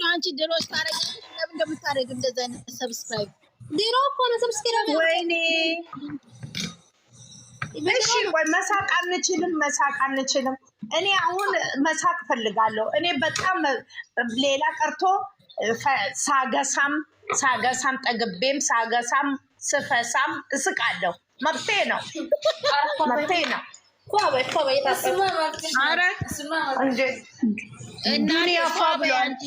ነው። አንቺ ድሮ ለምን እንደዛ አይነት ሰብስክራይብ ድሮ እኮ ነው ሰብስክራይብ። ወይኔ እሺ፣ ወይ መሳቅ አንችልም፣ መሳቅ አንችልም። እኔ አሁን መሳቅ ፈልጋለሁ። እኔ በጣም ሌላ ቀርቶ ሳገሳም ሳገሳም ጠግቤም ሳገሳም ስፈሳም እስቃለሁ። መብቴ ነው፣ መብቴ ነው። ዱንያ ፏ ብሏል። ያንቺ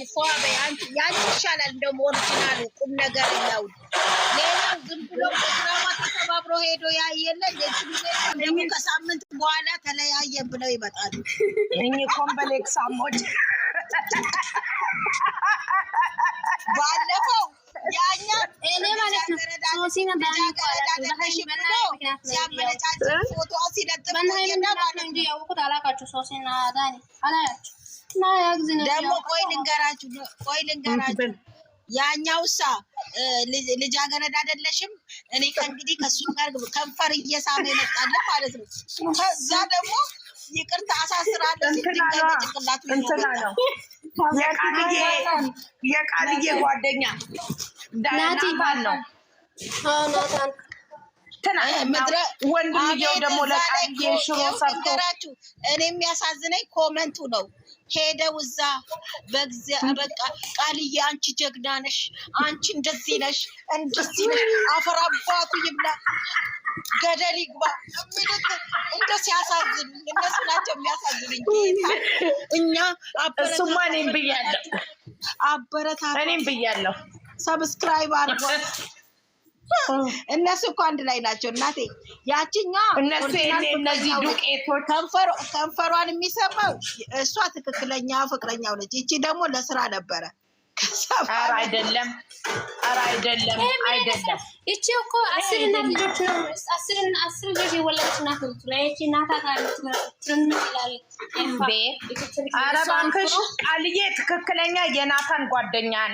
ይሻላል። እንደውም ኦሪጂናሉ ቁም ነገር ያው ሌላው ዝም ብሎ በድራማ ተሰባብሮ ሄዶ ያየለ ደግሞ ከሳምንት በኋላ ተለያየን ብለው ይመጣሉ። እኔ ኮምበሌክስ አሞች ባለፈው ያኛ እኔ ማለት ነው ሶሲና ዳኒ ደግሞ ቆይ ልንገራችሁ፣ ቆይ ልንገራችሁ ያኛውሳ ልጃገረድ አይደለሽም። እኔ ከእንግዲህ ከሱ ጋር ከንፈር እየሳመ ይመጣለ ማለት ነው። ከዛ ደግሞ ይቅርታ አሳስራለሁ ጭንቅላቱ ነው። የቃልዬ ጓደኛ ናቲባል ነው። ወንድምየው ደግሞ ለቃልዬ ሽሮ ሰርቶ እኔ የሚያሳዝነኝ ኮመንቱ ነው። ሄደው እዛ በቃ ቃልዬ አንቺ ጀግና ነሽ፣ አንቺ እንደዚህ ነሽ፣ እንደዚህ ነሽ፣ አፈር አባቱ ይብላ ገደል ይግባ። እንደ ሲያሳዝኑ እነሱ ናቸው የሚያሳዝኑኝ። እኛ እሱማ እኔም ብያለሁ፣ አበረታ እኔም ብያለሁ። ሰብስክራይብ አድርጓል። እነሱ እኮ አንድ ላይ ናቸው እናቴ። ያችኛ እነዚህ ከንፈሯን የሚሰማው እሷ ትክክለኛ ፍቅረኛው ነች። ይቺ ደግሞ ለስራ ነበረ። ኧረ አይደለም፣ ኧረ አይደለም፣ አይደለም። ይቺ እኮ አስርና ልጆች አስር ልጆች የወለደች ናት። ይቺ ይላል። ኧረ እባክሽ ቃልዬ ትክክለኛ የናታን ጓደኛን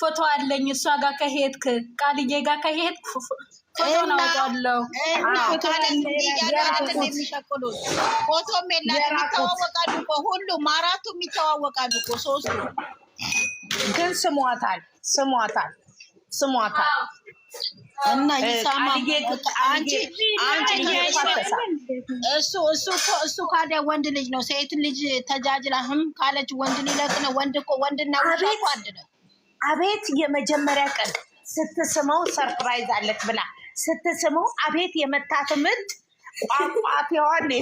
ፎቶ አለኝ እሷ ጋር ከሄድክ ቃልዬ ጋር ከሄድክ ፎቶ ናውጣለሁ። ፎቶም ግን ስሟታል ስሟታል ስሟታል እና ይሳማ እሱ እሱ ካዲያ ወንድ ልጅ ነው። ሴት ልጅ ተጃጅላህም ካለች ወንድ ሊለቅ ነው። ወንድ ወንድና አንድ ነው። አቤት የመጀመሪያ ቀን ስትስመው ሰርፕራይዝ አለች ብላ ስትስመው አቤት የመታት ምት ተቅማጤ ነው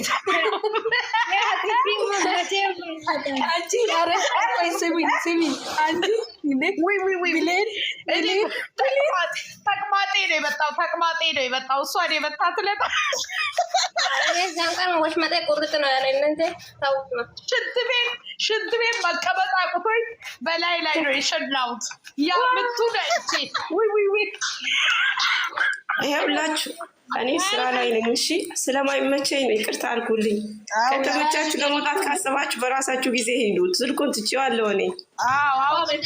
የመጣው። ተቅማጤ ነው የመጣው። እሷን የመታት ዕለት ሽንት ቤት ሽንት ቤት መቀመጥ አቁቶኝ በላይ ላይ ነው የሸናሁት። ያ ምቱ ነው ይሄ እኔ ስራ ላይ ነኝ። እሺ ስለማይመቸኝ ነው፣ ይቅርታ አድርጉልኝ። ከተመቻችሁ ለመውጣት ካሰባችሁ በራሳችሁ ጊዜ ሄዱ። ስልኩን ትችዋለሁ እኔ። ገብተሽ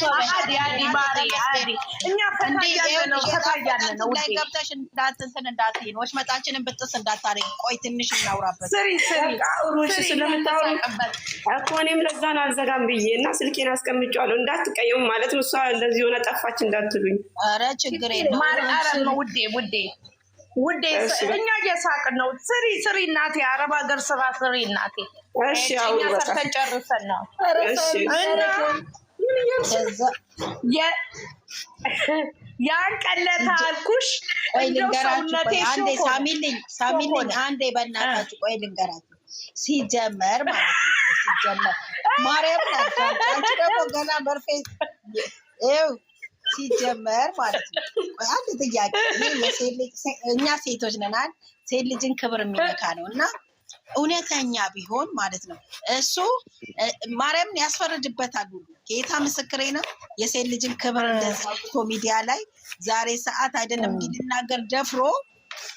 እኮ እኔም ለዛን አልዘጋም ብዬ እና ስልኬን አስቀምጫዋለሁ። እንዳትቀየሙ ማለት ነው። እሷ እንደዚህ የሆነ ጠፋች እንዳትሉኝ። ኧረ ችግር የለም ውዴ ውዴ ውዴ እኛ እየሳቅን ነው። ስሪ ስሪ እናቴ፣ አረብ ሀገር ስራ ስሪ እናቴ። እኛ ሰርተን ጨርሰን ነው ያን ቀለታ አልኩሽ። ሳሚልኝ ሳሚልኝ፣ አንዴ በእናታችሁ ቆይ ልንገራችሁ። ሲጀመር ማለት ነው ሲጀመር ማርያም ናቸው። አንቺ ደግሞ ገና በርፌ ይኸው ሲጀመር ማለት ነው። አንድ ጥያቄ እኛ ሴቶች ነናል፣ ሴት ልጅን ክብር የሚነካ ነው እና እውነተኛ ቢሆን ማለት ነው እሱ ማርያምን ያስፈርድበታል ጌታ ምስክሬ ነው። የሴት ልጅን ክብር ሚዲያ ላይ ዛሬ ሰዓት አይደለም እንዲናገር ደፍሮ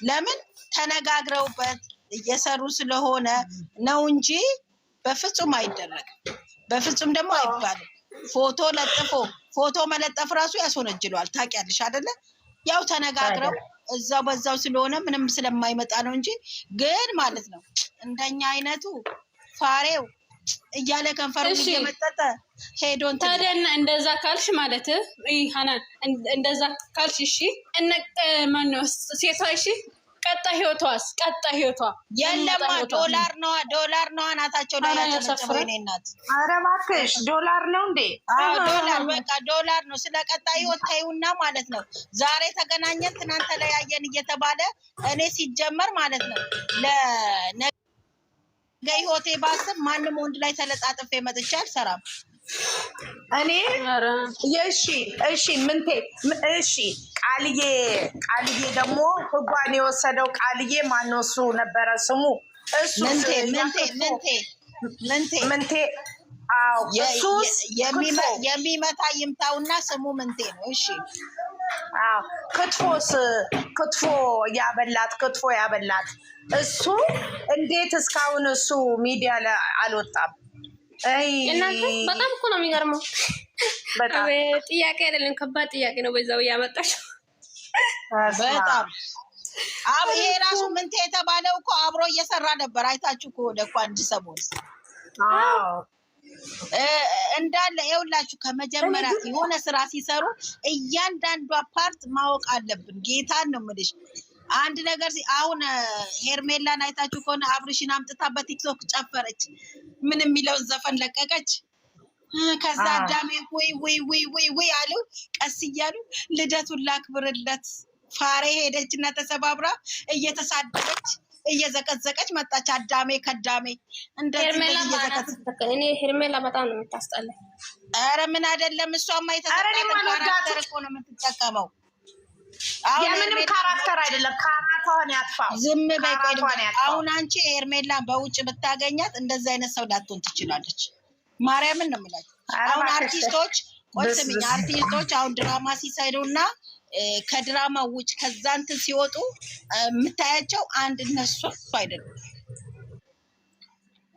ለምን ተነጋግረውበት እየሰሩ ስለሆነ ነው እንጂ በፍጹም አይደረግም። በፍጹም ደግሞ አይባልም ፎቶ ለጥፎ ፎቶ መለጠፍ ራሱ ያስወነጅለዋል። ታውቂያለሽ አይደለ? ያው ተነጋግረው እዛው በዛው ስለሆነ ምንም ስለማይመጣ ነው እንጂ ግን ማለት ነው እንደኛ አይነቱ ፋሬው እያለ ከንፈሩ እየመጠጠ ሄዶን ታዲያ እንደዛ ካልሽ ማለት ሀና እንደዛ ካልሽ እሺ እነ ማነው ሴቷ እሺ ቀጣ ህይወቷስ? ቀጣ ህይወቷ የለማ ዶላር ነዋ፣ ዶላር ነዋ። እናታቸው ዶላር ናት። ኧረ እባክሽ ዶላር ነው እንዴ? ዶላር በቃ ዶላር ነው። ስለ ቀጣ ህይወት ታዩና ማለት ነው። ዛሬ ተገናኘን፣ ትናንት ተለያየን እየተባለ እኔ ሲጀመር ማለት ነው ለነገ ህይወቴ ባስብ ማንም ወንድ ላይ ተለጣጥፌ መጥቼ አልሰራም። እኔ እሺ እሺ ምንቴ እሺ ቃልዬ ቃልዬ ደግሞ ህጓን የወሰደው ቃልዬ ማነው? እሱ ነበረ ስሙ እሱ ምንቴ የሚመታ ይምታውና ስሙ ምንቴ ነው። እሺ ክትፎስ ክትፎ ያበላት ክትፎ ያበላት እሱ እንዴት እስካሁን እሱ ሚዲያ ላይ አልወጣም? እናንተ በጣም እኮ ነው የሚገርመው። ጥያቄ አይደለም ከባድ ጥያቄ ነው። በዛው እያመጣችው በጣም አብ ይሄ ራሱ ምንቴ የተባለው እኮ አብሮ እየሰራ ነበር። አይታችሁ ከሆነ እኮ አንድ ሰሞን እንዳለ ይኸውላችሁ፣ ከመጀመሪያ የሆነ ስራ ሲሰሩ እያንዳንዷ ፓርት ማወቅ አለብን። ጌታን ነው የምልሽ አንድ ነገር አሁን ሄርሜላን አይታችሁ ከሆነ አብርሽን አምጥታ በቲክቶክ ጨፈረች። ምን የሚለውን ዘፈን ለቀቀች። ከዛ አዳሜ ወይ ወይ ወይ ወይ ወይ አለው ቀስ እያሉ ልደቱን ላክብርለት ፋሬ ሄደች እና ተሰባብራ እየተሳደበች እየዘቀዘቀች መጣች። አዳሜ ከዳሜ እንደእኔ ሄርሜላ በጣም ነው የምታስጠላ። ኧረ ምን አይደለም እሷማ የተጠቀመው ነው የምትጠቀመው። የምንም ካራክተር አይደለም። ካራቷን ያጥፋው። ዝም በይ። አሁን አንቺ ሄርሜላን በውጭ ብታገኛት እንደዚ አይነት ሰው ላትሆን ትችላለች። ማርያምን ነው የምላችሁ። አሁን አርቲስቶች ቆይ ስሚኝ፣ አርቲስቶች አሁን ድራማ ሲሰሩ እና ከድራማ ውጭ ከዛ እንትን ሲወጡ የምታያቸው አንድ እነሱ አይደሉም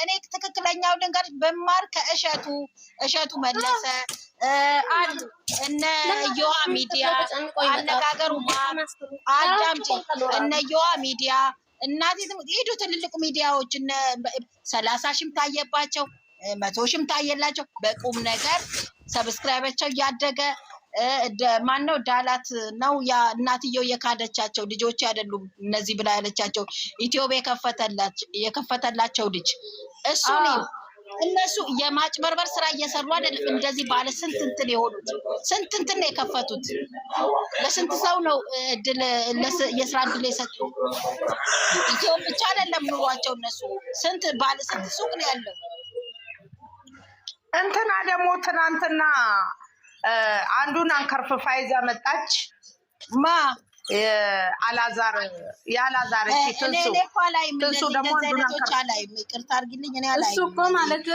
እኔ ትክክለኛው ልንገርሽ በማር ከእሸቱ እሸቱ መለሰ አሉ እነ ዮዋ ሚዲያ አነጋገሩ አዳምጪ፣ እነ ዮዋ ሚዲያ እናቴ ሄዱ ትልልቁ ሚዲያዎች እነ ሰላሳ ሺህም ታየባቸው መቶ ሺህም ታየላቸው በቁም ነገር ሰብስክራይባቸው እያደገ ማነው ዳላት ነው ያ እናትየው የካደቻቸው ልጆች አይደሉም እነዚህ ብላ ያለቻቸው ኢትዮጵያ የከፈተላቸው ልጅ እሱ እነሱ የማጭበርበር ስራ እየሰሩ አይደለም። እንደዚህ ባለ ስንት እንትን የሆኑት ስንት እንትን የከፈቱት። ለስንት ሰው ነው የስራ እድል የሰጡ? ኢትዮ ብቻ አይደለም ኑሯቸው። እነሱ ስንት ባለ ስንት ሱቅ ነው ያለው። እንትና ደግሞ ትናንትና አንዱን አንከርፍፋ ይዛ መጣች። ማ አላዛር የአላዛር ትንሱ ደግሞ እሱ እኮ ማለት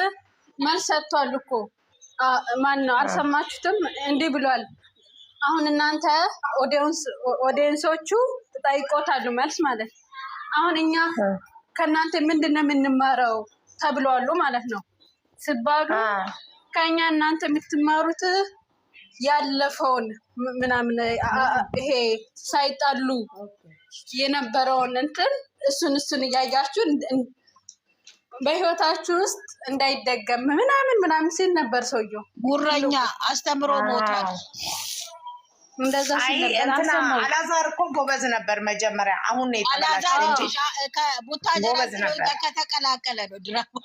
መልስ ሰጥቷል እኮ ማን ነው? አልሰማችሁትም? እንዲህ ብሏል። አሁን እናንተ ኦዲየንሶቹ ትጠይቆታሉ መልስ ማለት አሁን እኛ ከእናንተ ምንድን ነው የምንማረው ተብሏሉ ማለት ነው ስባሉ ከእኛ እናንተ የምትማሩት ያለፈውን ምናምን ይሄ ሳይጣሉ የነበረውን እንትን እሱን እሱን እያያችሁ በህይወታችሁ ውስጥ እንዳይደገም ምናምን ምናምን ሲል ነበር ሰውየው። ጉረኛ አስተምሮ ሞቷል። እንደዛ አላዛር እኮ ጎበዝ ነበር መጀመሪያ። አሁን ነው የተበላሽ እንጂ ከተቀላቀለ ነው ድራማ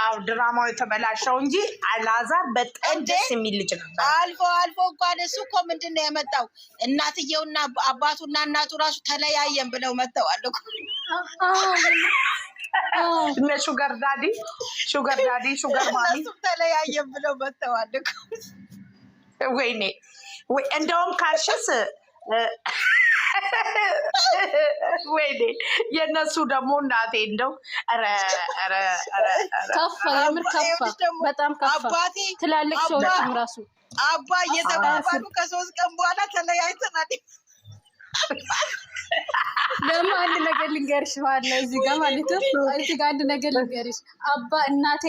አዎ ድራማው የተበላሸው እንጂ አላዛር በጣም ደስ የሚል ልጅ ነበር። አልፎ አልፎ እንኳን እሱ እኮ ምንድን ነው የመጣው እናትየውና አባቱና እናቱ ራሱ ተለያየን ብለው መጥተዋል እኮ እነ ሹገር ዳዲ ሹገር ዳዲ ሹገር ማሚ ተለያየን ብለው መጥተዋል እኮ። ወይኔ እንደውም ካልሽስ ወይኔ የእነሱ ደግሞ እናቴ እንደው ከፋ፣ የምር ከፋ፣ በጣም ከፋ። ትላልቅ ሰዎችም ራሱ አባ እየተባባሉ ከሶስት ቀን በኋላ ተለያይተናል። ደግሞ አንድ ነገር ልንገርሽ ማለት ነው። እዚህ ጋር ማለት ነው። እዚህ ጋር አንድ ነገር ልንገርሽ አባ እናቴ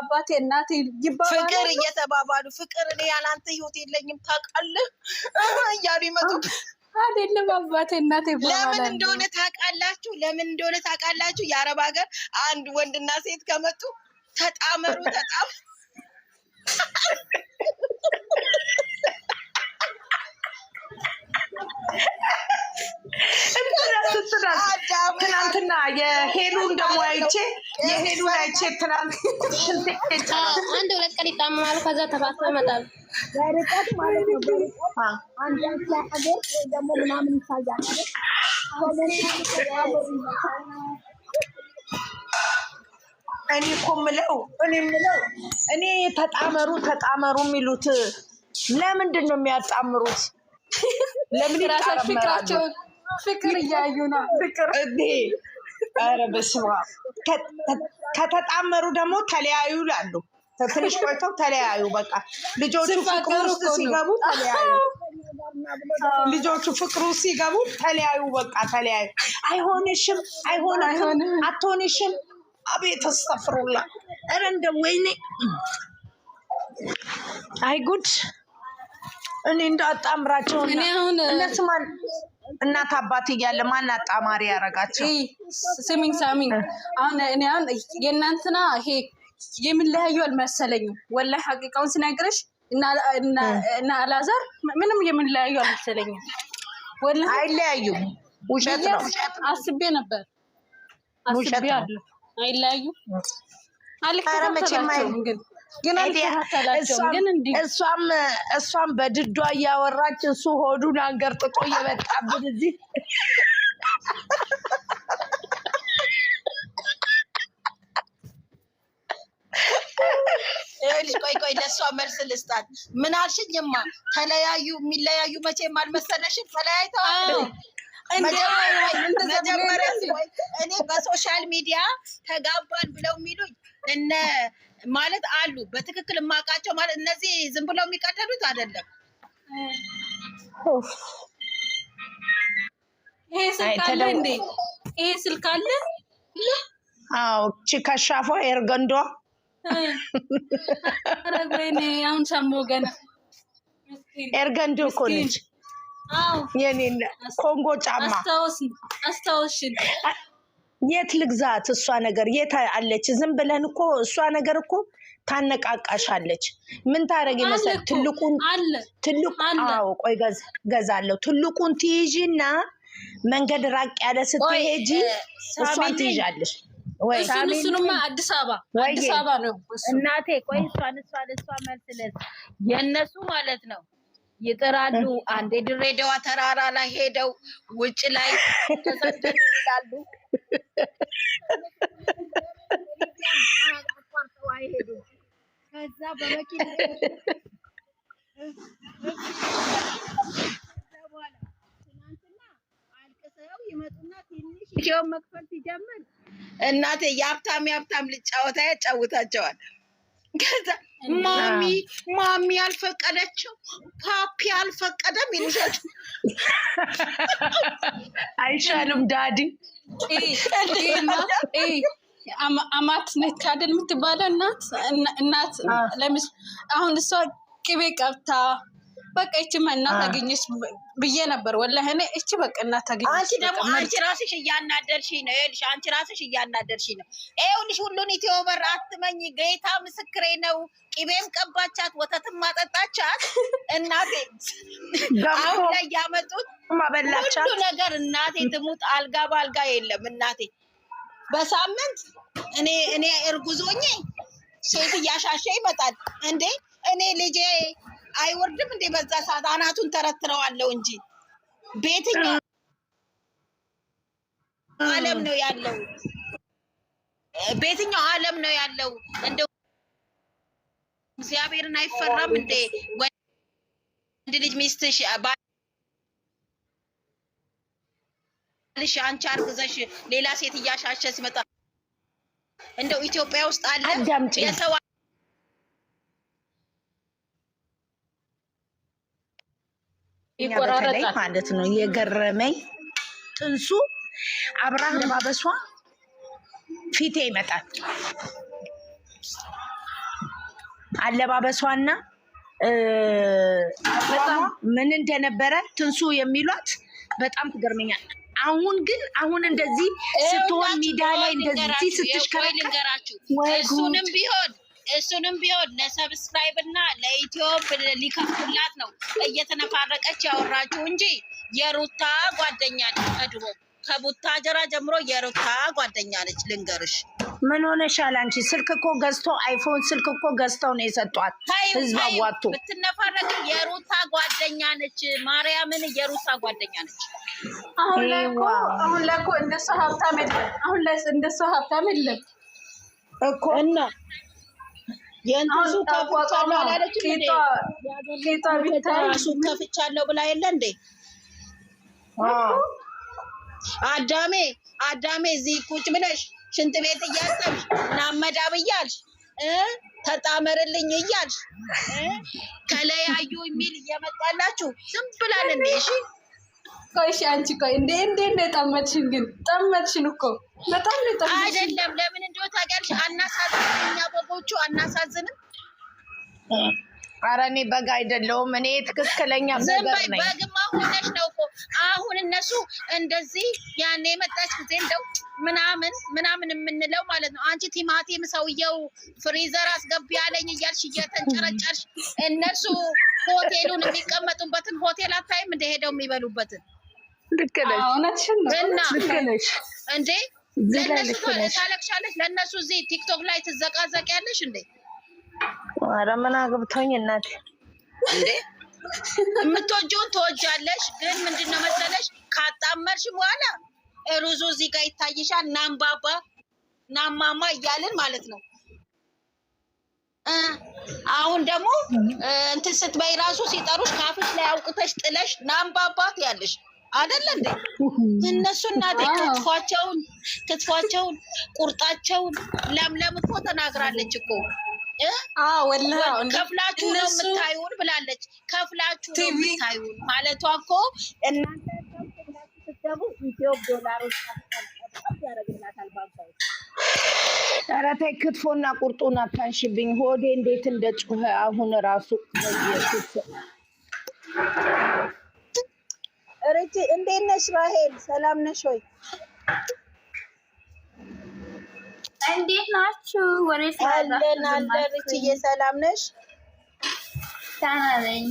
አባቴ እናቴ ይባባሉ፣ ፍቅር እየተባባሉ ፍቅር እኔ ያላንተ ህይወት የለኝም ታውቃለህ እያሉ ይመጡ አይደለም አባቴ እናቴ። ለምን እንደሆነ ታውቃላችሁ? ለምን እንደሆነ ታውቃላችሁ? የአረብ ሀገር አንድ ወንድና ሴት ከመጡ ተጣመሩ ተጣም ትናንትና የሄሉን ደግሞ አይቼ የሄዱ አይቼ ትናንት አንድ ሁለት ቀን ይጣመማሉ። ከዛ ተባሳ ይመጣሉ። በርቀት ማለት ነው። አንድ ሀገር ደግሞ ምናምን ይታያል። እኔ እኮ የምለው እኔ የምለው እኔ ተጣመሩ ተጣመሩ የሚሉት ለምንድን ነው የሚያጣምሩት? ለምን ይጣመራሉ? ፍቅር እያዩ ነው። ፍቅር ኧረ በስመ አብ ከተጣመሩ ደግሞ ተለያዩ ይላሉ። ትንሽ ቆይተው ተለያዩ። በቃ ልጆቹ ፍቅሩ ውስጥ ሲገቡ ተለያዩ። ልጆቹ ፍቅሩ ሲገቡ ተለያዩ። በቃ ተለያዩ። አይሆንሽም፣ አይሆንም፣ አትሆንሽም። አቤት አስተፍሩላ። ኧረ ወይኔ፣ አይ ጉድ! እኔ እንደ አጣምራቸው እናት አባት እያለ ማን አጣማሪ ያረጋቸው? ስሚኝ ሳሚን፣ አሁን እኔ አሁን የእናንትና ይሄ የምንለያዩ አልመሰለኝም። ወላሂ ሀቂቃውን ስነግርሽ እና አላዛር ምንም የምንለያዩ አልመሰለኝም። ወላሂ አይለያዩም። ውሸት ነው። አስቤ ነበር፣ አስቤ አለ አይለያዩም። አልከታተላቸውም ግን ግን እሷም በድዷ እያወራች እሱ ሆዱን አንገርጥቆ እየመጣብን እዚህ ልጅ ቆይ ቆይ፣ ለእሷ መልስ ልስጣት። ምን አልሽኝማ? ተለያዩ የሚለያዩ መቼም አልመሰለሽም። ተለያይተዋል። እኔ በሶሻል ሚዲያ ተጋባን ብለው የሚሉኝ እነ ማለት አሉ በትክክል የማውቃቸው ማለት እነዚህ ዝም ብለው የሚቀደዱት አይደለም። ይሄ ስልክ አለ እንዴ? ይሄ ስልክ አለ? አዎ ከሻፎ ኤርገንዶ ረግሬኔ አሁን ሰሞ ገና ኤርገንዶ እኮ ነች የኔ ኮንጎ ጫማ አስታወስን አስታወስሽን የት ልግዛት? እሷ ነገር የት አለች? ዝም ብለን እኮ እሷ ነገር እኮ ታነቃቃሻለች። ምን ታደረግ ይመስል ትልቁን ትልቁ ቆይ ገዛለሁ ትልቁን ትይዢና መንገድ ራቅ ያለ ስትሄጂ እሷን ትይዣለሽ። እሱንማ አዲስ አበባ አዲስ አበባ ነው እናቴ። ቆይ እሷን እሷን እሷ መልስለስ የእነሱ ማለት ነው ይጥራሉ። አንዴ ድሬዳዋ ተራራ ላይ ሄደው ውጭ ላይ ተሰደሉ ይላሉ እናቴ የሀብታም የሀብታም ልጅ ጫወታ ያጫውታቸዋል። ከዛ ማሚ ማሚ ያልፈቀደችው ፓፒ አልፈቀደም ይልሻቸው። አይሻልም ዳዲ አማት ነች የምትባለው እናት እናት አሁን እሷ ቅቤ ቀብታ በቃ እቺ እናት አገኘች ብዬ ነበር። ወላሂ እኔ እቺ በቃ እናት አገኘች። አንቺ ደግሞ አንቺ ራስሽ እያናደርሽ ነው። ይኸውልሽ አንቺ ራስሽ እያናደርሽ ነው። ይኸውልሽ ሁሉን ኢትዮበር አትመኝ። ጌታ ምስክሬ ነው። ቅቤም ቀባቻት፣ ወተትም ማጠጣቻት። እናቴ አሁን ላይ ያመጡት ሁሉ ነገር እናቴ ትሙት አልጋ በአልጋ የለም እናቴ በሳምንት እኔ እኔ እርጉዞኜ ሴት እያሻሸ ይመጣል እንዴ እኔ ልጄ አይወርድም እንዴ? በዛ ሰዓት አናቱን ተረትረዋለው እንጂ በየትኛው ዓለም ነው ያለው? በየትኛው ዓለም ነው ያለው? እንደው እግዚአብሔርን አይፈራም እንዴ? ወንድ ልጅ ሚስትሽ ባልሽ አንቺ አርግዘሽ ሌላ ሴት እያሻሸ ሲመጣ እንደው ኢትዮጵያ ውስጥ አለ የሰው በተለይ ማለት ነው የገረመኝ ጥንሱ አብርሃም ባበሷ ፊቴ ይመጣል። አለባበሷና ምን እንደነበረ ትንሱ የሚሏት በጣም ትገርመኛል። አሁን ግን አሁን እንደዚህ ስትሆን ሚዳ ላይ እንደዚህ ስትሽከረከር እሱንም ቢሆን እሱንም ቢሆን ለሰብስክራይብ እና ለኢትዮፕ ሊከፍቱላት ነው እየተነፋረቀች ያወራችሁ እንጂ የሩታ ጓደኛ ነች። ከድሮ ከቡታ ጀራ ጀምሮ የሩታ ጓደኛ ነች። ልንገርሽ ምን ሆነሻል አንቺ? ስልክ እኮ ገዝቶ አይፎን ስልክ እኮ ገዝተው ነው የሰጧት። ህዝብ አዋጥቶ ብትነፋረቅ የሩታ ጓደኛ ነች። ማርያምን የሩታ ጓደኛ ነች። አሁን ላይ እኮ አሁን ላይ እኮ እንደሰው ሀብታም የለም። አሁን ላይ እንደሰው ሀብታም የለም እኮ እና የእንትሱ ከፍቻለሁ አላለችም እንዴ? ሱቅ ከፍቻለሁ ብላ የለ እንዴ? አዳሜ አዳሜ እዚህ ቁጭ ብለሽ ሽንት ቤት እያጠብሽ ናመዳብ እያልሽ ተጣመርልኝ እያልሽ ከለያዩ የሚል እየመጣላችሁ ዝም ብላል እንዴ? እሺ ቆይሽ አንቺ ቆይ፣ እንዴ እንዴ እንደ ጠመድሽን ግን ጠመድሽን እኮ በጣም ነው ጠመድሽን። አይደለም ለምን እንደው ታውቂያለሽ፣ አናሳዝንም፣ እኛ በጎቹ አናሳዝንም። ኧረ እኔ በግ አይደለሁም እኔ ትክክለኛ ዝም በይ። በግማ ሆነሽ ነው እኮ አሁን እነሱ እንደዚህ ያኔ የመጣች ጊዜ እንደው ምናምን ምናምን የምንለው ማለት ነው። አንቺ ቲማቲም ሰውየው ፍሪዘር አስገቢ ያለኝ እያልሽ እየተንጨረጨርሽ እነሱ ሆቴሉን የሚቀመጡበትን ሆቴል አታይም እንደሄደው የሚበሉበትን ልክ ነሽ እንዴ? ለእነሱ ታለቅሻለሽ፣ ለእነሱ እዚህ ቲክቶክ ላይ ትዘቃዘቂያለሽ እንዴ? ኧረ ምን አግብቶኝ እናቴ እንዴ? የምትወጂውን ትወጃለሽ፣ ግን ምንድነው መሰለሽ ካጣመርሽ በኋላ ሩዙ እዚህ ጋር ይታይሻል። ናምባባ ናማማ እያልን ማለት ነው። አሁን ደግሞ እንትን ስትበይ ራሱ ሲጠሩሽ ካፍሽ ላይ አውቅተሽ ጥለሽ ናምባባ ትያለሽ። አደለ እንዴ? እነሱ እናቴ ክትፏቸውን ክትፏቸውን ቁርጣቸውን ለምለም እኮ ተናግራለች እኮ ከፍላችሁ ነው የምታዩን ብላለች። ከፍላችሁ ነው የምታዩን ማለቷ እኮ እናንተ ዶላሮች ተይ ክትፎና ቁርጡን አታንሽብኝ። ሆዴ እንዴት እንደጮኸ አሁን ራሱ እህቴ እንዴት ነሽ? ራሄል ሰላም ነሽ ወይ? እንዴት ናችሁ? ወሬ አለን አለን። እችዬ ሰላም ነሽ? ታናለኝ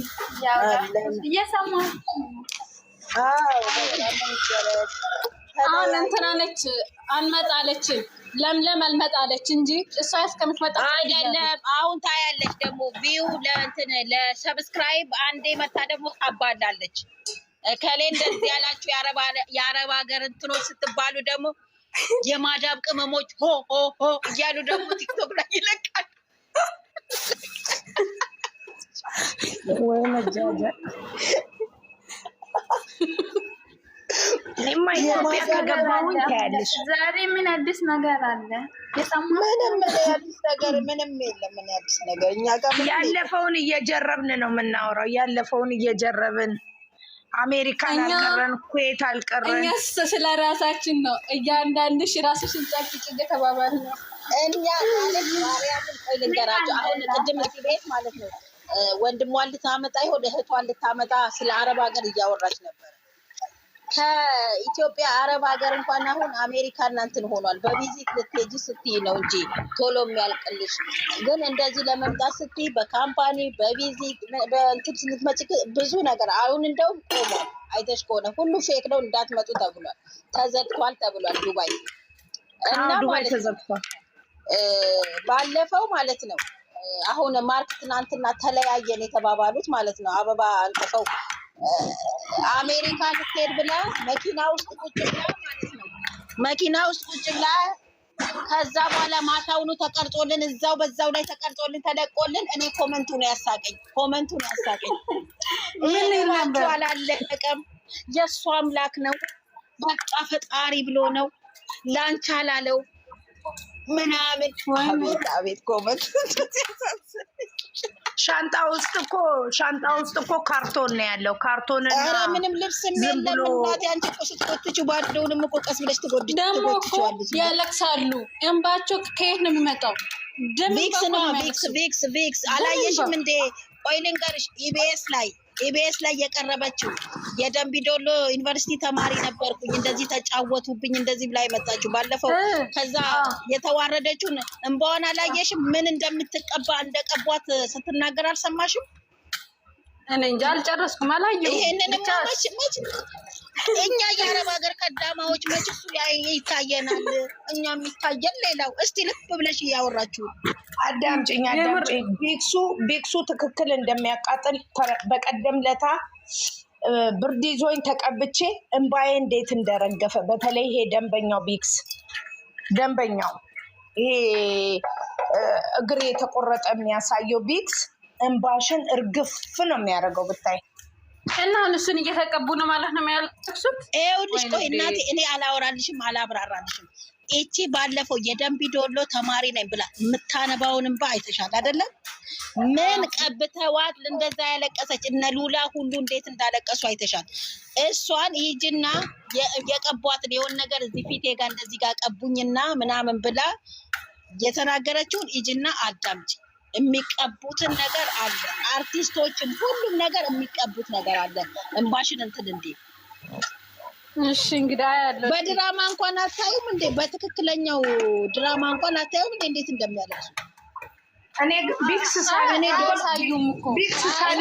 ያው እየሰማሁ አዎ። አሁን እንትና ነች አልመጣለች ለምለም አልመጣለች እንጂ እሷ እስከምትመጣ አይደለም። አሁን ታያለች ደግሞ ቪው ለእንትን ለሰብስክራይብ አንዴ መታ ደግሞ ታባላለች። ከሌ እንደዚህ ያላችሁ የአረብ ሀገር ስትባሉ ደግሞ የማዳብ ቅመሞች ሆ ሆ ሆ እያሉ ደግሞ ቲክቶክ ላይ ዛሬ ምን አዲስ ነገር አለ? ምንም አዲስ ነገር ምንም የለም። ምን አዲስ ነገር እኛ ጋር ያለፈውን እየጀረብን ነው የምናወራው። ያለፈውን እየጀረብን አሜሪካን አልቀረን ኩዌት አልቀረን። እኛስ ስለ ራሳችን ነው። እያንዳንድሽ ራስሽን ጫጭቅ እየተባባል ነው። እኛ ማለት ልንገራቸው። አሁን ቅድም ቤት ማለት ነው ወንድሟን ልታመጣ ይሆን እህቷን ልታመጣ ስለ አረብ ሀገር እያወራች ነበር ከኢትዮጵያ አረብ ሀገር እንኳን አሁን አሜሪካ እናንትን ሆኗል። በቪዚት ልትሄጂ ስትይ ነው እንጂ ቶሎ የሚያልቅልሽ። ግን እንደዚህ ለመምጣት ስትይ በካምፓኒ በቪዚት በእንትን ልትመጪ ብዙ ነገር አሁን እንደውም ቆሟል። አይተሽ ከሆነ ሁሉ ፌክ ነው እንዳትመጡ ተብሏል፣ ተዘግቷል ተብሏል ዱባይ እና ማለት ተዘግቷል። ባለፈው ማለት ነው አሁን ማርክ ትናንትና ተለያየን የተባባሉት ማለት ነው አበባ አንጥፈው አሜሪካ ልትሄድ ብለህ መኪና ውስጥ ቁጭ ብላ ማለት ነው፣ መኪና ውስጥ ቁጭ ብላ ከዛ በኋላ ማታውኑ ተቀርጾልን እዛው በዛው ላይ ተቀርጾልን ተለቆልን። እኔ ኮመንቱ ነው ያሳቀኝ፣ ኮመንቱ ነው ያሳቀኝ። ይህንባቸው አላለቀም፣ የእሱ አምላክ ነው በቃ ፈጣሪ ብሎ ነው ላንቻ ላለው ምናምን አቤት አቤት ጎመት ሻንጣ ውስጥ እኮ ሻንጣ ውስጥ እኮ ካርቶን ነው ያለው። ካርቶን ኧረ ምንም ልብስ የለም። እናቴ አንቺ እኮ ስትጎትች ባለውንም እኮ ቀስ ብለሽ ትጎድች ደግሞ እኮ ያለቅሳሉ። እንባቸው ከየት ነው የሚመጣው? ቪክስ ነው ቪክስ ቪክስ ቪክስ አላየሽም እንዴ? ቆይ ልንገርሽ ኢቢኤስ ላይ ኢቢኤስ ላይ የቀረበችው የደንቢዶሎ ዩኒቨርሲቲ ተማሪ ነበርኩኝ፣ እንደዚህ ተጫወቱብኝ፣ እንደዚህ ላይ መጣችሁ። ባለፈው ከዛ የተዋረደችውን እምባዋን አላየሽም? ምን እንደምትቀባ እንደቀቧት ስትናገር አልሰማሽም? እኔ እንጃ አልጨረስኩም፣ አላየሁም። ይሄንን መች መች እኛ የአረብ ሀገር ከዳማዎች መች እሱ ይታየናል፣ እኛም ይታየን። ሌላው እስቲ ልብ ብለሽ እያወራችሁ አዳምጪኝ፣ አዳምጪኝ። ቢክሱ ቢክሱ ትክክል እንደሚያቃጥል በቀደም ለታ ብርድ ይዞኝ ተቀብቼ እምባዬ እንዴት እንደረገፈ በተለይ ይሄ ደንበኛው ቢክስ ደንበኛው ይሄ እግር የተቆረጠ የሚያሳየው ቢክስ እንባሽን እርግፍ ነው የሚያደርገው ብታይ። እና አሁን እሱን እየተቀቡ ነው ማለት ነው የሚያለቅሱት። ይኸውልሽ ቆይ እናቴ እኔ አላወራልሽም አላብራራልሽም። እቺ ባለፈው የደንቢ ዶሎ ተማሪ ነኝ ብላ የምታነባውን እንባ አይተሻል አይደለም? ምን ቀብተዋት እንደዛ ያለቀሰች እነ ሉላ ሁሉ እንዴት እንዳለቀሱ አይተሻል። እሷን ይጅና የቀቧትን የሆን ነገር እዚህ ፊቴ ጋር እንደዚህ ጋር ቀቡኝና ምናምን ብላ የተናገረችውን ይጅና አዳምጪ። የሚቀቡትን ነገር አለ። አርቲስቶችን ሁሉም ነገር የሚቀቡት ነገር አለ። እምባሽን እንትን እንዴ እሺ እንግዲህ ያለው በድራማ እንኳን አታዩም እንዴ? በትክክለኛው ድራማ እንኳን አታዩም እንዴ? እንዴት እንደሚያለሱ እኔ ቢክስ ሳኔ ዶላሳዩም እኮ ቢክስ ሳኔ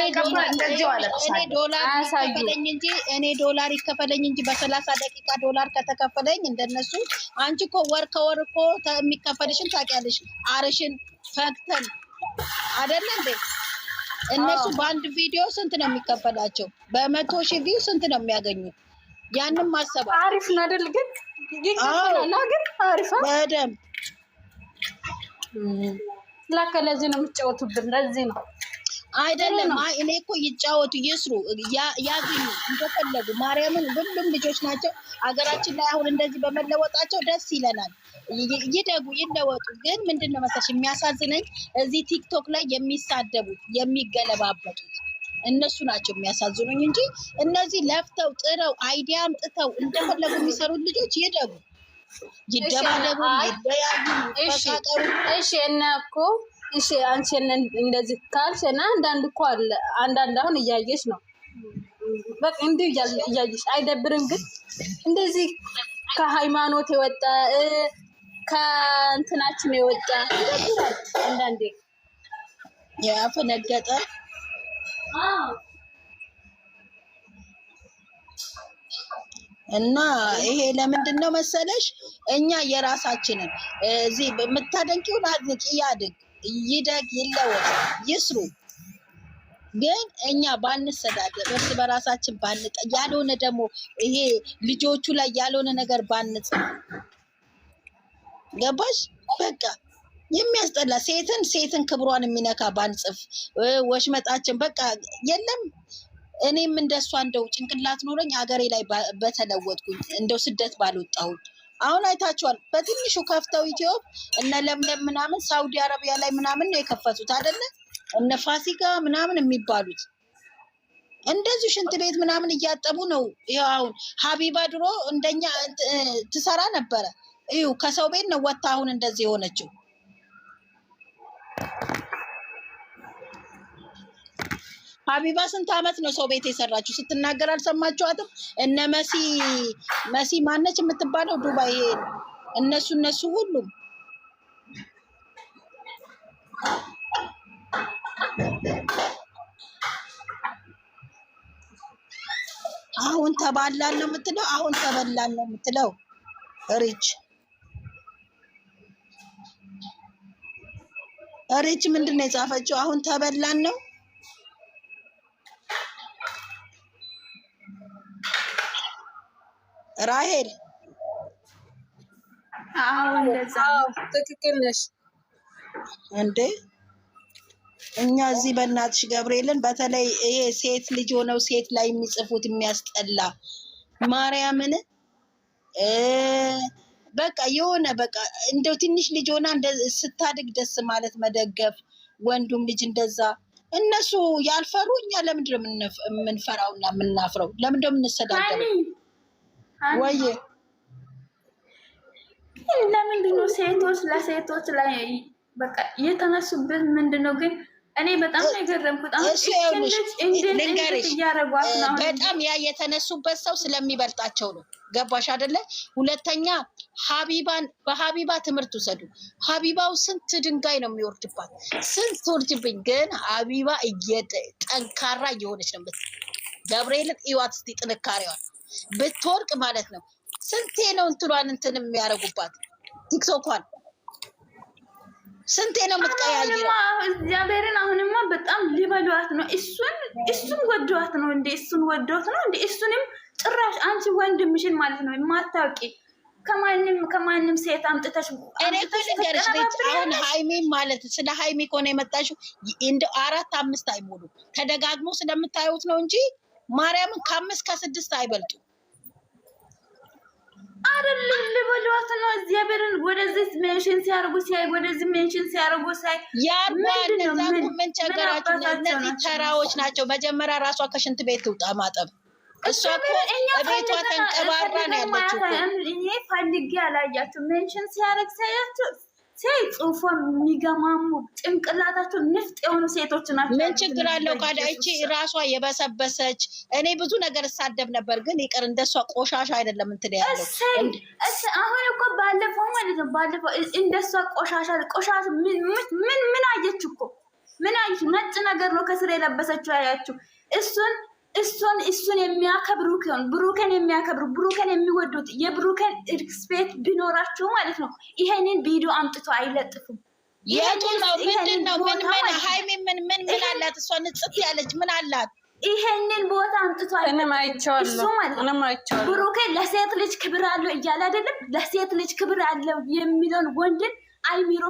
እኔ ዶላር ይከፈለኝ እንጂ እኔ ዶላር ይከፈለኝ እንጂ በሰላሳ ደቂቃ ዶላር ከተከፈለኝ እንደነሱ። አንቺ እኮ ወር ከወር እኮ የሚከፈልሽን ታውቂያለሽ። አርሽን ፈግተን አይደለ እንዴ? እነሱ በአንድ ቪዲዮ ስንት ነው የሚቀበላቸው? በመቶ ሺህ ቪው ስንት ነው የሚያገኙት? ያንም ማሰብ አሪፍ ነው አይደል? ግን ይቀበላል ግን አሪፍ በደምብ ላከ። ለዚህ ነው የምትጫወቱብን፣ ለዚህ ነው አይደለም። አይ እኔ እኮ ይጫወቱ ይስሩ፣ ያግኙ እንደፈለጉ። ማርያምን ሁሉም ልጆች ናቸው። አገራችን ላይ አሁን እንደዚህ በመለወጣቸው ደስ ይለናል። ይደጉ፣ ይለወጡ። ግን ምንድን ነው መሰለሽ የሚያሳዝነኝ እዚህ ቲክቶክ ላይ የሚሳደቡት የሚገለባበጡት እነሱ ናቸው የሚያሳዝኑኝ እንጂ እነዚህ ለፍተው ጥረው አይዲያ አምጥተው እንደፈለጉ የሚሰሩት ልጆች ይደጉ፣ ይደባደቡ፣ ይደያዩ፣ እሺ እነ እኮ እሺ አንቺ እንደዚህ ካልሽ እና አንዳንድ እኮ አለ አንዳንድ አሁን እያየሽ ነው በቃ እንዲህ እያየሽ አይደብርም? ግን እንደዚህ ከሃይማኖት የወጣ ከእንትናችን የወጣ ይደብራል። አንዳንዴ ያፈነገጠ እና ይሄ ለምንድን ነው መሰለሽ እኛ የራሳችንን እዚህ የምታደንቂውን አድንቂ ያድግ ይደግ፣ ይለወጥ፣ ይስሩ። ግን እኛ ባንሰዳደብ እርስ በራሳችን ባንጠ ያልሆነ ደግሞ ይሄ ልጆቹ ላይ ያልሆነ ነገር ባንጽ ገባሽ? በቃ የሚያስጠላ ሴትን ሴትን ክብሯን የሚነካ ባንጽፍ ወሽመጣችን በቃ የለም። እኔም እንደሷ እንደው ጭንቅላት ኖረኝ ሀገሬ ላይ በተለወጥኩኝ እንደው ስደት ባልወጣሁኝ አሁን አይታችኋል። በትንሹ ከፍተው ኢትዮ እነ ለምለም ምናምን ሳውዲ አረቢያ ላይ ምናምን ነው የከፈቱት አይደለ? እነ ፋሲካ ምናምን የሚባሉት እንደዚሁ ሽንት ቤት ምናምን እያጠቡ ነው። ይኸው አሁን ሀቢባ ድሮ እንደኛ ትሰራ ነበረ። እዩ ከሰው ቤት ነው ወጥታ አሁን እንደዚህ የሆነችው። ሀቢባ ስንት አመት ነው ሰው ቤት የሰራችሁ ስትናገር አልሰማችኋትም? እነ መሲ መሲ ማነች የምትባለው ዱባይ ይሄ እነሱ እነሱ ሁሉም አሁን ተባላን ነው የምትለው። አሁን ተበላን ነው የምትለው ሪች ሪች ምንድን ነው የጻፈችው? አሁን ተበላን ነው ራሄል ትክክል ነሽ እንዴ? እኛ እዚህ በእናትሽ ገብርኤልን በተለይ ይሄ ሴት ልጅ ሆነው ሴት ላይ የሚጽፉት የሚያስጠላ ማርያምን በቃ የሆነ በቃ እንደው ትንሽ ልጅ ሆና ስታድግ ደስ ማለት መደገፍ፣ ወንዱም ልጅ እንደዛ። እነሱ ያልፈሩ እኛ ለምንድን ነው የምንፈራውና የምናፍረው? ለምንድን ነው የምንሰዳደበው? ወይ ለምንድን ነው ሴቶች ለሴቶች ላይ በቃ የተነሱበት ምንድን ነው ግን? እኔ በጣም ነው የገረምኩት። በጣም ያ የተነሱበት ሰው ስለሚበልጣቸው ነው። ገባሽ አይደለ? ሁለተኛ ሀቢባን በሀቢባ ትምህርት ውሰዱ። ሀቢባው ስንት ድንጋይ ነው የሚወርድባት፣ ስንት ወርጅብኝ። ግን ሀቢባ ጠንካራ እየሆነች ነው። ገብርኤልን እስኪ ጥንካሬዋል ብትወርቅ ማለት ነው። ስንቴ ነው እንትኗን እንትን የሚያደርጉባት ቲክቶኳን ስንቴ ነው የምትቀያይረው? እግዚአብሔርን አሁንማ በጣም ሊበሏት ነው። እሱን እሱን ወደዋት ነው እንዴ? እሱን ወደዋት ነው እንዴ? እሱንም ጭራሽ አንቺ ወንድምሽን ማለት ነው የማታውቂ ከማንም ከማንም ሴት አምጥተሽ እኔ እኮ ልንገርሽ ልጅ አሁን ሀይሜ ማለት ስለ ሀይሚ ከሆነ የመጣሽው እንደ አራት አምስት አይሞሉ ተደጋግሞ ስለምታዩት ነው እንጂ ማርያምን ከአምስት ከስድስት አይበልጡ አይደለም ልበሏት ነው። እግዚአብሔርን ወደዚህ ሜንሽን ሲያደርጉ ሲያይ ወደዚህ ሜንሽን ሲያደርጉ ሲያይ ያርባ እንደዛ ምን ቸገራችሁ? እነዚህ ተራዎች ናቸው። መጀመሪያ ራሷ ከሽንት ቤት ትውጣ ማጠብ። እሷ ቤቷ ተንቀባራ ነው ያለችው። ይሄ ፈልጌ አላያችሁ ሜንሽን ሲያደርግ ሳያችሁ ሴት ጽሁፎ የሚገማሙ ጭንቅላታቸው ንፍጥ የሆኑ ሴቶች ናቸው። ምን ችግር አለው? ካዳይቺ ራሷ የበሰበሰች እኔ ብዙ ነገር እሳደብ ነበር፣ ግን ይቅር እንደሷ ቆሻሻ አይደለም እንትን ያለው አሁን እኮ ባለፈው ማለት ነው። ባለፈው እንደሷ ቆሻሻ ቆሻሻ ምን ምን አየች እኮ ምን አየች? ነጭ ነገር ነው ከስር የለበሰችው ያያችው እሱን እሱን እሱን የሚያከብሩ ብሩከን የሚያከብሩ ብሩከን የሚወዱት የብሩከን ሪስፔክት ቢኖራቸው ማለት ነው። ይሄንን ቪዲዮ አምጥቶ አይለጥፉም። ምንድነው? ምን ምን ሀይሚ ምን ምን ምን አላት? እሷ ንጽት ያለች ምን አላት? ይሄንን ቦታ አምጥቶ እሱ ብሩኬ ለሴት ልጅ ክብር አለው እያለ አይደለም። ለሴት ልጅ ክብር አለው የሚለውን ወንድን አይሚሮ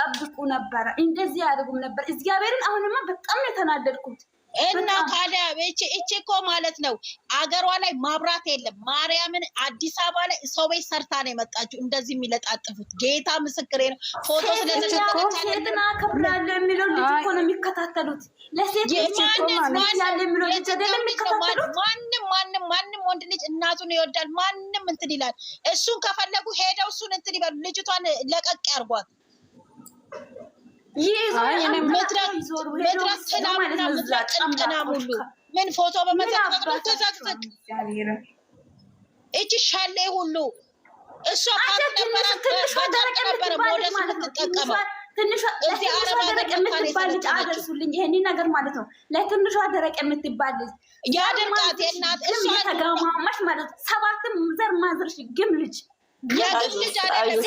ጠብቁ ነበረ። እንደዚህ አያደርጉም ነበር። እግዚአብሔርን አሁንማ በጣም የተናደድኩት እና ታዲያ እቺ እኮ ማለት ነው አገሯ ላይ ማብራት የለም። ማርያምን አዲስ አበባ ላይ ሰው ቤት ሰርታ ነው የመጣችው። እንደዚህ የሚለጣጥፉት ጌታ ምስክሬ ነው። ፎቶ ስለተሰጠችሴትን ከብራለ የሚለው ልጅ እኮ ነው የሚከታተሉት። ማንም ማንም ማንም ወንድ ልጅ እናቱን ይወዳል። ማንም እንትን ይላል። እሱን ከፈለጉ ሄደው እሱን እንትን ይበሉ። ልጅቷን ለቀቅ ያርጓት። ምን ፎቶ በመዘቅዘቅ ሻሌ ሁሉ እሷ ደረቅ የምትጠቀመው ትንሿ ደረቅ የምትባል ልጅ አደርሱልኝ። ይሄን ነገር ማለት ነው። ለትንሿ ደረቅ የምትባል ልጅ ያደርቃት የናት እሷ ተጋማማሽ ማለት ሰባትም ዘር ማዝርሽ ግም ልጅ ያ ልጅ